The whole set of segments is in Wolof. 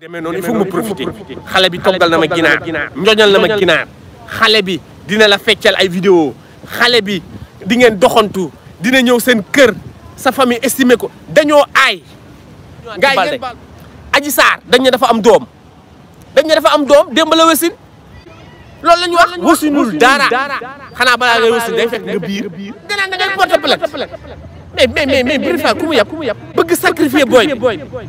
demee noonu il faut ma profité xale bi toggal na ma ginaar njoñal na ma ginaar xale bi dina la feccal ay vidéo xale bi di ngeen doxantu dina ñëw seen kër sa famille estimé ko dañoo aay gaay ngeen baal aji saar dañ ne dafa am doom dañ ne dafa am doom démb la wasin loolu la ñu wax wasinul dara xanaa balaa ngay wasin day fekk nga biir nga naan da ngay porte plainte mais mais mais mais brifal ku mu yab bëgg sacrifier booy bi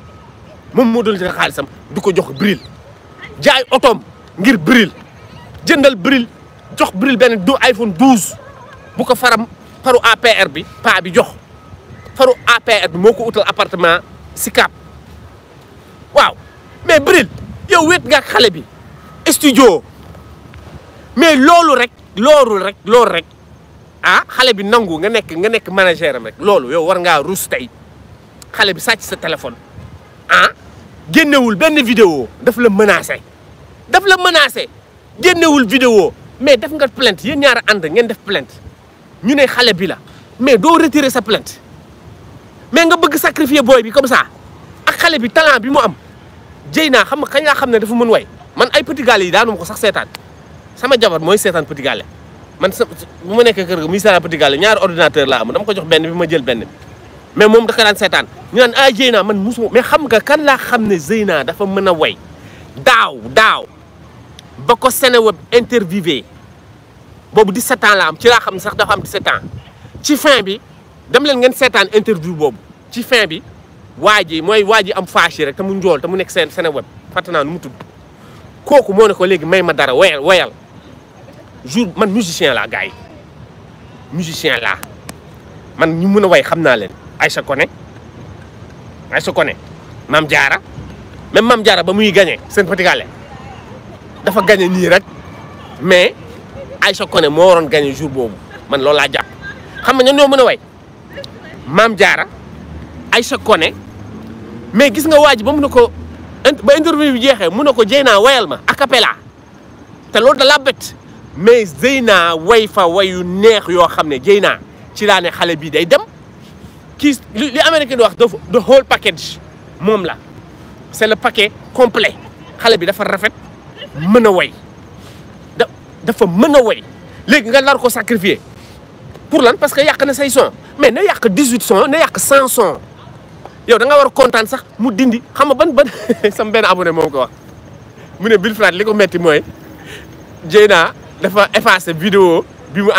mom mo doon jël xaalisam du ko jox bril jaay otom ngir bril jëndal bril jox bril benn do iPhone 12 bu ko faram faru APR bi pa bi jox faru APR bi moko outal appartement appartement cap waaw mais bril yow wet nga xalé bi studio mais lolu rek lolu rek lolu rek ah xalé bi nangu nga nek nga nek manager rek lolu yow war nga rus tay, xalé bi sacc sa telephone ah génnewul benn vidéo daf la menacé daf la menacé génnewul vidéo mais def nga plainte yéen ñaar ànd ngeen def plainte ñu ne xale bi la mais doo retirer sa plainte mais nga bëgg sacrifier booy bi comme sa ak xale bi talent bi mu am jëy naa xam kañ laa xam ne dafa mën way man ay petit gallé yi daanuma ko sax seetaan sama jabar mooy seetaan petit gallé man sa bu ma nekkee kër ga muy seetaan petit gallé ñaari ordinateur laa am dama ko jox benn bi ma jël benn bi mais moom dafa daan seetaan ñu naan ah Zeyna man musuma mais xam nga kan laa xam ne naa dafa mën a way daaw daaw ba ko Seneweb interviewé boobu 17 ans la am ci laa xam ne sax dafa am 17 ans ci fin bi dem leen ngeen seetaan interview boobu ci fin bi waa ji mooy waa ji am fâche rek te mu njool te mu nekk seen Seneweb fàtte naa nu mu tudd kooku moo ne ko léegi may ma dara woyal woyal jour man musicien laa gars yi musicien laa man ñu mën a way xam naa leen. Aïssa Koné Aïssa Koné Mame Diarra même Mame Diarra ba muy gagné seen Petit dafa gagné nii rek mais Aïssa Koné moo waroon gagné jour boobu man loolu laa jàpp xam nga ñoo ñoo mën a way Mame Diarra Aïssa Koné mais gis nga waa ji ba mun na ko ba interview bi jeexee mun na ko Dieyna wayal ma a cappella te loolu da laa bett mais way fa wayu neex yoo xam ne Dieyna ci laa xale bii day dem Les Américains doivent le whole package c'est le paquet complet xale bi a way dafa a way pour lan parce que y a mais a que dix na a que 100 sons. da nga war a content sax mu dindi xam ban sam abonné moom ko wax Bill Flat metti a dafa vidéo bi mu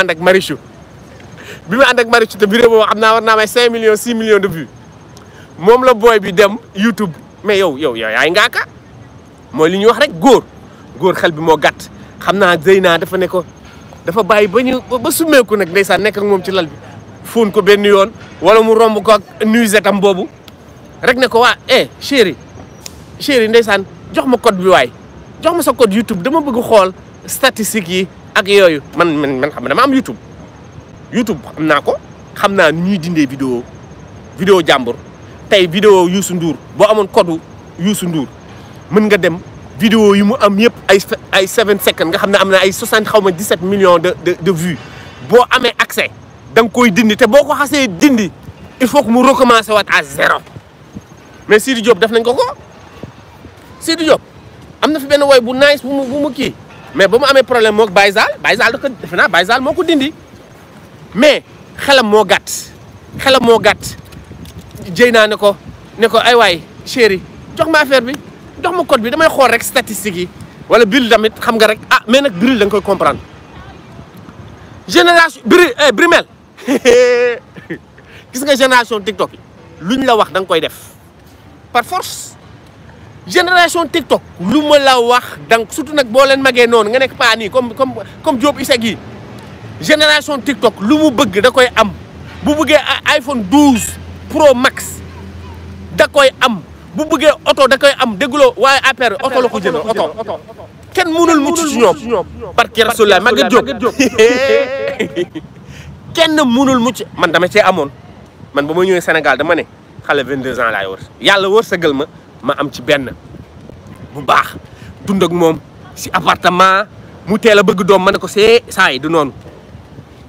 bi ma ànd ak Marie Thiou vidéo boobu xam naa war naa may 5 millions 6 millions de vues moom la booy bi dem YouTube mais yow yow yow yaay ngaaka mooy li ñuy wax rek góor góor xel bi moo gàtt xam naa Zeyna dafa ne ko dafa bàyyi ba ñu ba summeeku nag ndeysaan nekk ak moom ci lal bi fóon ko benn yoon wala mu romb ko ak nuisette am boobu rek ne ko waa eh chéri chéri ndeysaan jox ma code bi waay jox ma sa code YouTube dama bëgg xool statistiques yi ak yooyu man man man xam dama am YouTube. YouTube xam naa ko xam naa nu ñuy dindee vidéo vidéo jàmbur tey vidéo Youssou Ndour boo amoon code Youssou nduur mën nga dem vidéo yi mu am yëpp ay ay seven seconds nga xam ne am na ay soixante xaw ma dix-sept millions de de de vues boo amee accès da koy dindi te boo ko xasee dindi il faut que mu recommencer waat à zéro mais Sidi Diop def nañ ko ko Sidi Diop am na fi benn woy bu nice bu mu kii mais ba mu amee problème moog Baye Zal Baye Zal da defe naa Baye Zal moo ko dindi. mais xelam moo gàtt xelam moo gàtt jëy naa ne ko ne ko ay waay chéri jox ma affaire bi jox ma code bi damay xool rek statistiques yi wala Bril tamit xam nga rek ah mais nag Bril da nga koy comprendre génération Bril eh, Brimel gis nga génération TikTok lu luñ la wax da nga koy def par force génération TikTok lu ma la wax dang surtout nag boo leen magee noonu nga nekk paa nii comme comme comme Diop Isaac yi génération TikTok lu mu bëgg da koy am bu bëggee iPhone 12 Pro Max da koy am bu bëggee oto da koy am dégguloo waaye APR oto la ko jënd oto kenn mënul mucc ci ñoom barki Rasulullah Maguette Diop kenn mënul mucc man dama cee amoon man ba ma ñëwee Sénégal dama ne xale 22 ans laay wër yàlla wër sëgal ma ma am ci benn bu baax dund moom si appartement mu teel a bëgg doom ma ne ko see saa yi du noonu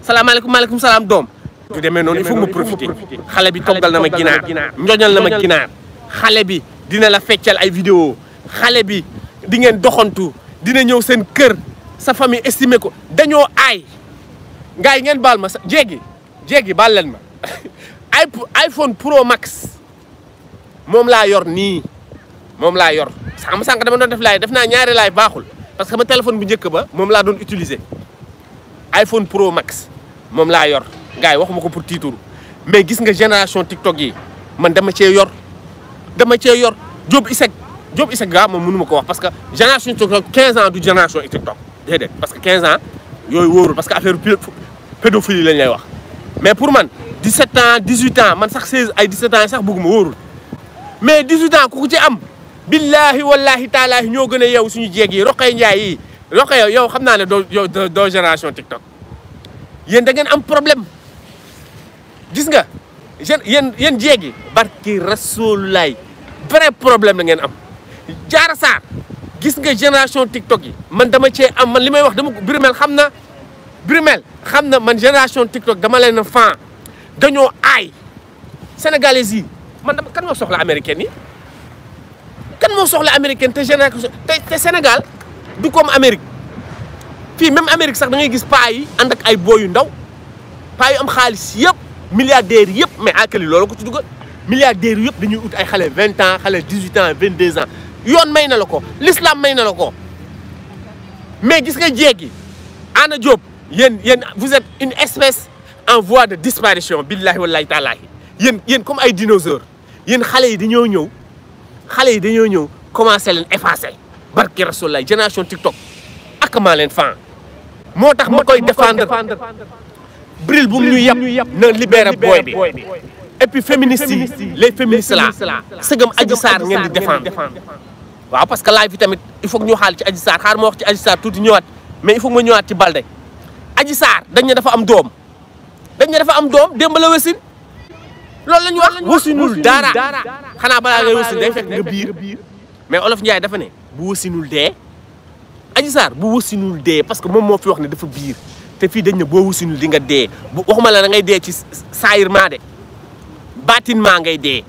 salaamaaleykum maaleykum salaam doom. du demee noonu il faut ma profiter xale bi toggal na ma ginaar njoñal na ma ginaar xale bi dina la feccal ay vidéo xale bi di ngeen doxantu dina ñëw seen kër sa famille estimé ko dañoo aay gars ngeen baal ma sa jéegi jéegi baal leen ma iPhone Pro Max moom laa yor nii moom laa yor sànq sànq dama doon def laay def naa ñaari laay baaxul parce que ma téléphone bu njëkk ba moom laa doon utiliser iPhone Pro Max moom laa yor gars yi waxuma ko pour tiituru mais gis nga génération TikTok yi man dama cee yor dama cee yor Diop Iseg Diop Iseg gaa moom mënu ma ko wax parce que génération TikTok 15 ans du génération TikTok parce que quinze ans yooyu wóorul parce que affaire pédophilie lañ lay wax mais pour man 17 ans 18 ans man sax 16 ay 17 ans yi sax bëgguma wóorul mais 18 ans ku ko ci am billahi wallahi taalaahi ñoo gën a yeewu suñu jeeg yi Roqay Njaay yi Roqay yow xam naa ne doo yow doo génération TikTok yéen da ngeen am problème gis nga yéen yéen yéen jéegi barki rasulaay vrai problème la ngeen am jaara saar gis nga génération TikTok yi man dama cee am man li may wax dama Birumel xam na Birumel xam na man génération TikTok dama leen na fan dañoo aay sénégalais yi man dama kan moo soxla américaine yi kan moo soxla américaine te génération te Sénégal du comme Amérique fii même Amérique sax da ngay gis paa yi ak ay boo yu ndaw paa am xaliss yeb milliardaire yeb mais alkali ah loolu ko ci dugal milliardaires yëpp dañuy out ay xalé 20 ans xalé 18 ans 22 ans yone may na la l'islam may na la mais gis nga djegi ana Anna yen yen vous êtes une espèce en voie de disparition billahi wallahi ta'ala yen yen comme ay dinosaures yen xalé yi dañoo ñew xalé yi dañoo ñëw commencé leen effacé barki rasulullah génération TikTok ak maa leen fan motax tax ma koy défendre bril bu ñu yapp na libéré boy bi et puis féministes les féministes là segum Adji sar ngeen di défendre waaw parce que la bi tamit il faut ñu xal ci Adji sar xaar mo wax ci Adji sar tout ñëwaat mais il faut ma ñëwaat ci Balde Adji sar dañ ne dafa am dom dañ ne dafa am dom démb la wasin loolu la ñu wax wasinul dara xana bala ngay wasin day fekk nga bir mais Olof Ndiaye dafa ne bu wasinul dee Adji Sarr bu wasinul dee parce que moom moo fi wax ne dafa biir te fii dañ ne boo wasinul di nga dee bu waxuma la da ngay dee ci saayir maa de baatin maa ngay dee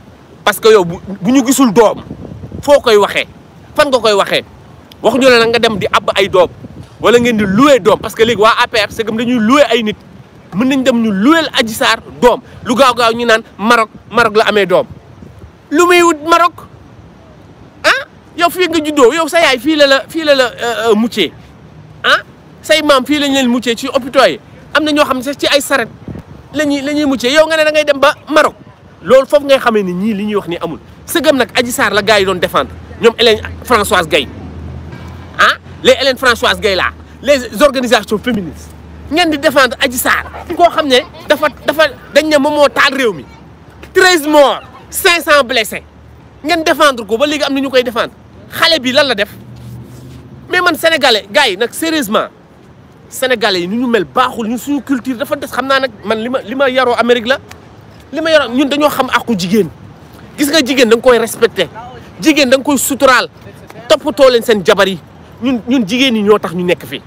parce que yow bu ñu gisul doom foo koy waxee fan nga koy waxee waxuñu la nga dem di ab ay doom wala ngeen di loué doom parce que léegi waa APR c'est comme dañuy loué ay nit mën nañ dem ñu louel Adji Sarr doom lu gaaw gaaw ñu naan Maroc Maroc la amee doom lu muy wut yow fii nga juddoo yow sa yaay fii la la fii la la euh, euh, muccee ah say maam fii lañ leen muccee ci hôpitaux yi am na ñoo xam ne sax ci ay saret la ñuy la ñuy muccee yow nga ne da ngay dem ba Maroc loolu foofu ngay xamee ni ñii li ñuy wax ni amul sëgam nag aji saar la gars yi doon défendre ñoom Hélène Françoise Gaye ah les Hélène Françoise Gaye laa les organisations féministes ngeen di défendre Adji Sarr koo xam ne dafa dafa dañ ne moom moo taal réew mi treize morts cinq cent blessés ngeen défendre ko ba léegi am na ñu koy défendre xale bi lan la def mais man sénégalais gars nak sérieusement sénégalais nu ñu mel baxul ñu suñu culture dafa dess xamna nak man lima lima yaro Amérique la lima yaro ñun dañu xam akku jigen gis nga jigen dang koy respecter jigen dang nga koy suturaal toppatoo len sen jabar yi ñun ñun jigen ñi ñoo tax ñu nekk fi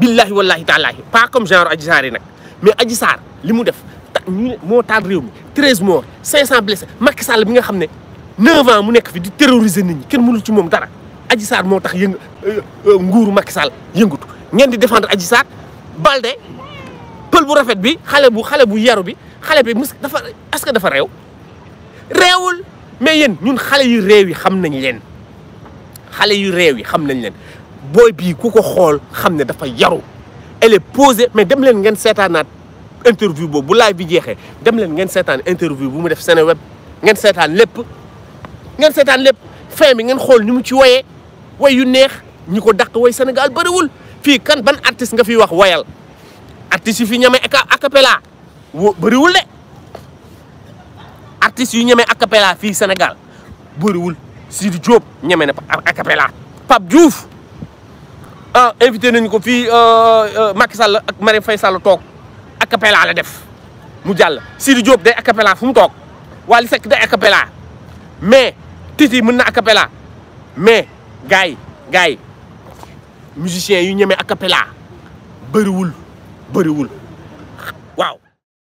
billahi wallahi ta'ala pas comme genre Adji nak mais Adji limu li mu def ta ñu moo mi 13 morts 500 blessés Macky Sall bi nga xamne neuf mu nekk fi di terroriser nit kenn mënul ci moom dara Adji Sarr moo tax yëng euh, euh, nguuru Macky Sall yëngatu ngeen di défendre Adji Sarr Balde pël bu rafet bi xale bu xale bu yaru bi xale bi mus dafa est-ce que dafa réew réewul mais yéen ñun xale yu réew yi xam nañ leen xale yu réew yi xam nañ leen booy bii ku ko xool xam ne dafa yaru elle est posée mais dem leen ngeen seetaanaat interview boobu bu laay bi jeexee dem leen ngeen seetaan interview bu mu def Seneweb ngeen seetaan lépp ngeen seetaan lepp fin bi ngeen xol ni mu ci woyé way yu neex ñiko dakk way Sénégal fi kan ban artiste nga fi wax wayal, artiste fi ñeme akapela, wo bëriwul le artiste yu a cappella fii Sénégal bëriwul Sidi job ñame na cappella pap Diouf ah invité nañ ko euh, euh Macky Sall ak marie Faye Sall a cappella la def mu jall Sidi job day cappella fu mu tok wali sek day cappella mais Titi mën na acapella mais gars yi gars yi musiciens yu ñemee acapella bëriwul bëriwul waaw.